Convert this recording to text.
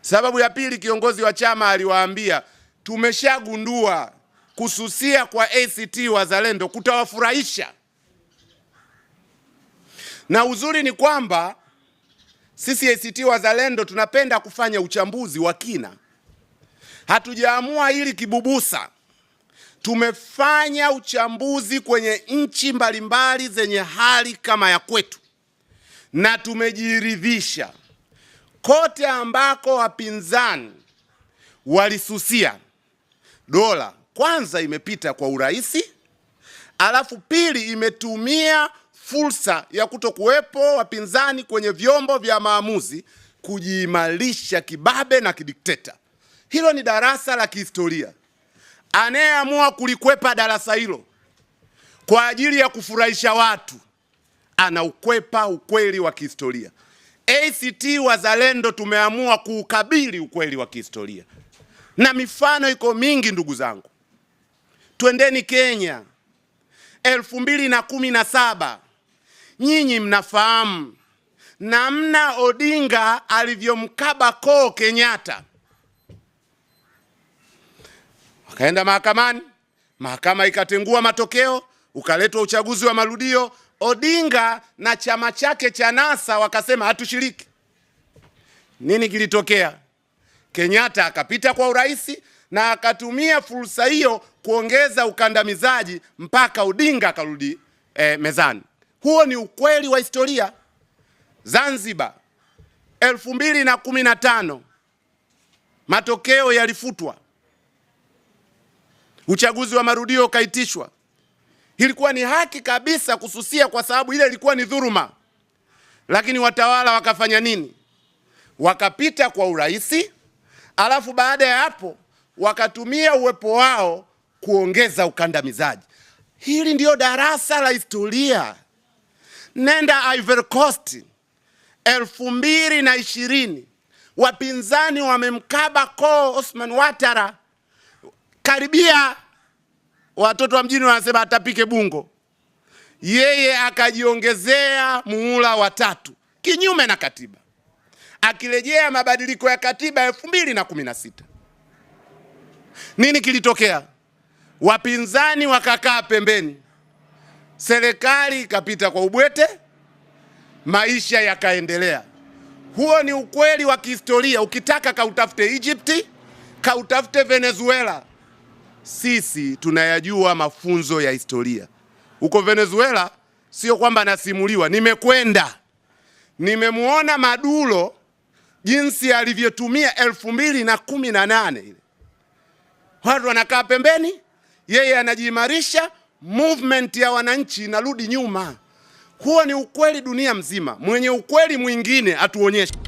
Sababu ya pili, kiongozi wa chama aliwaambia tumeshagundua kususia kwa ACT Wazalendo kutawafurahisha, na uzuri ni kwamba sisi ACT Wazalendo tunapenda kufanya uchambuzi wa kina. Hatujaamua ili kibubusa, tumefanya uchambuzi kwenye nchi mbalimbali zenye hali kama ya kwetu na tumejiridhisha kote ambako wapinzani walisusia dola, kwanza imepita kwa urahisi, alafu pili imetumia fursa ya kutokuwepo wapinzani kwenye vyombo vya maamuzi kujiimarisha kibabe na kidikteta. Hilo ni darasa la kihistoria. Anayeamua kulikwepa darasa hilo kwa ajili ya kufurahisha watu anaukwepa ukweli wa kihistoria. ACT Wazalendo tumeamua kuukabili ukweli wa kihistoria, na mifano iko mingi ndugu zangu. Twendeni Kenya elfu mbili na kumi na saba. Nyinyi mnafahamu namna Odinga alivyomkaba koo Kenyatta, wakaenda mahakamani, mahakama ikatengua matokeo, ukaletwa uchaguzi wa marudio. Odinga na chama chake cha NASA wakasema hatushiriki. Nini kilitokea? Kenyatta akapita kwa urahisi na akatumia fursa hiyo kuongeza ukandamizaji mpaka Odinga akarudi eh, mezani. Huo ni ukweli wa historia. Zanzibar elfu mbili na kumi na tano matokeo yalifutwa, uchaguzi wa marudio ukaitishwa ilikuwa ni haki kabisa kususia, kwa sababu ile ilikuwa ni dhuruma Lakini watawala wakafanya nini? Wakapita kwa urahisi, alafu baada ya hapo wakatumia uwepo wao kuongeza ukandamizaji. Hili ndio darasa la historia. Nenda Ivory Coast elfu mbili na ishirini wapinzani wamemkaba ko Osman Watara karibia watoto wa mjini wanasema atapike bungo, yeye akajiongezea muhula tatu kinyume na katiba, akirejea mabadiliko ya katiba elfu mbili na kumi na sita nini kilitokea? Wapinzani wakakaa pembeni, serikali ikapita kwa ubwete, maisha yakaendelea. Huo ni ukweli wa kihistoria, ukitaka kautafute Egypt, kautafute Venezuela sisi tunayajua mafunzo ya historia. Huko Venezuela sio kwamba nasimuliwa, nimekwenda nimemwona Maduro jinsi alivyotumia elfu mbili na kumi na nane ile, watu wanakaa pembeni, yeye anajiimarisha, movement ya wananchi inarudi nyuma. Huo ni ukweli dunia mzima. Mwenye ukweli mwingine atuonyeshe.